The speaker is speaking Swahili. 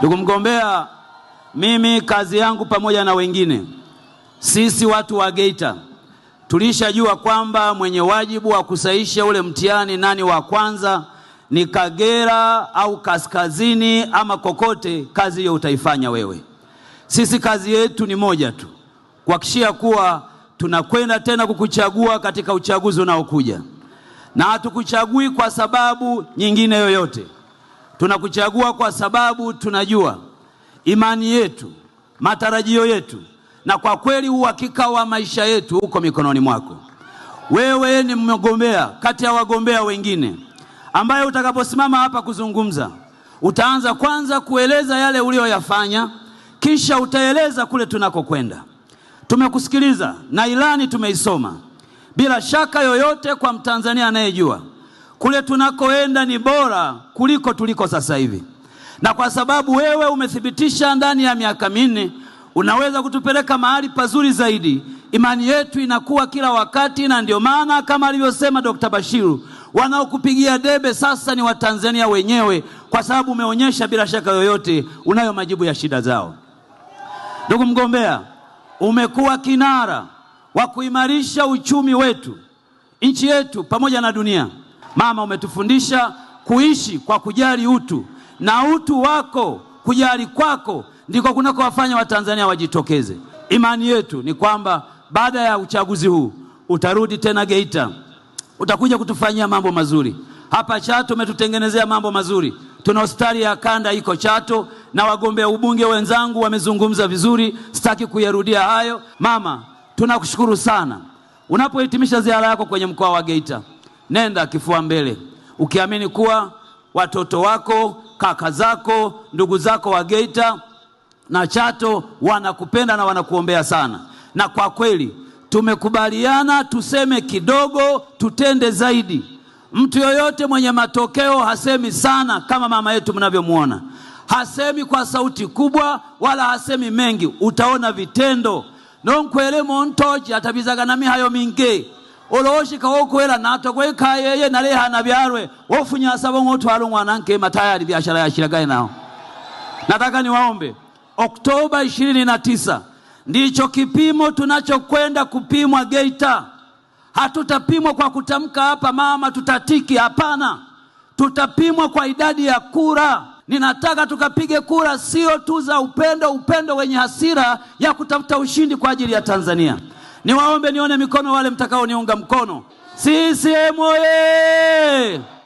Ndugu mgombea, mimi kazi yangu pamoja na wengine, sisi watu wa Geita tulishajua kwamba mwenye wajibu wa kusaisha ule mtihani nani wa kwanza ni Kagera au Kaskazini ama kokote, kazi hiyo utaifanya wewe. Sisi kazi yetu ni moja tu, kuhakikishia kuwa tunakwenda tena kukuchagua katika uchaguzi unaokuja, na hatukuchagui kwa sababu nyingine yoyote. Tunakuchagua kwa sababu tunajua imani yetu, matarajio yetu, na kwa kweli uhakika wa maisha yetu uko mikononi mwako. Wewe ni mgombea kati ya wagombea wengine ambaye utakaposimama hapa kuzungumza, utaanza kwanza kueleza yale uliyoyafanya, kisha utaeleza kule tunakokwenda. Tumekusikiliza na ilani tumeisoma, bila shaka yoyote kwa Mtanzania anayejua kule tunakoenda ni bora kuliko tuliko sasa hivi, na kwa sababu wewe umethibitisha ndani ya miaka minne unaweza kutupeleka mahali pazuri zaidi. Imani yetu inakuwa kila wakati, na ndio maana kama alivyosema Dr. Bashiru, wanaokupigia debe sasa ni Watanzania wenyewe, kwa sababu umeonyesha bila shaka yoyote unayo majibu ya shida zao. Ndugu mgombea, umekuwa kinara wa kuimarisha uchumi wetu, nchi yetu pamoja na dunia. Mama, umetufundisha kuishi kwa kujali utu na utu wako, kujali kwako ndiko kunako wafanya Watanzania wajitokeze. Imani yetu ni kwamba baada ya uchaguzi huu utarudi tena Geita, utakuja kutufanyia mambo mazuri. Hapa Chato umetutengenezea mambo mazuri, tuna hospitali ya kanda iko Chato na wagombea ubunge wenzangu wamezungumza vizuri, sitaki kuyarudia hayo. Mama, tunakushukuru sana. Unapohitimisha ziara yako kwenye mkoa wa Geita nenda kifua mbele, ukiamini kuwa watoto wako, kaka zako, ndugu zako wa Geita na Chato wanakupenda na wanakuombea sana. Na kwa kweli tumekubaliana tuseme kidogo, tutende zaidi. Mtu yoyote mwenye matokeo hasemi sana kama mama yetu mnavyomwona, hasemi kwa sauti kubwa wala hasemi mengi, utaona vitendo. nonkwele montoji atavizaganami mihayo mingi oloshika wokwela natogwe kayeye nalehana byalwe wofunya asaba ng'otwala omwana nkema tayari biashara yashiragaye nao nataka niwaombe oktoba 29 ndicho kipimo tunachokwenda kupimwa geita hatutapimwa kwa kutamka hapa mama tutatiki hapana tutapimwa kwa idadi ya kura ninataka tukapige kura sio tu za upendo upendo wenye hasira ya kutafuta ushindi kwa ajili ya tanzania Niwaombe nione mikono wale mtakaoniunga mkono. CCM oye!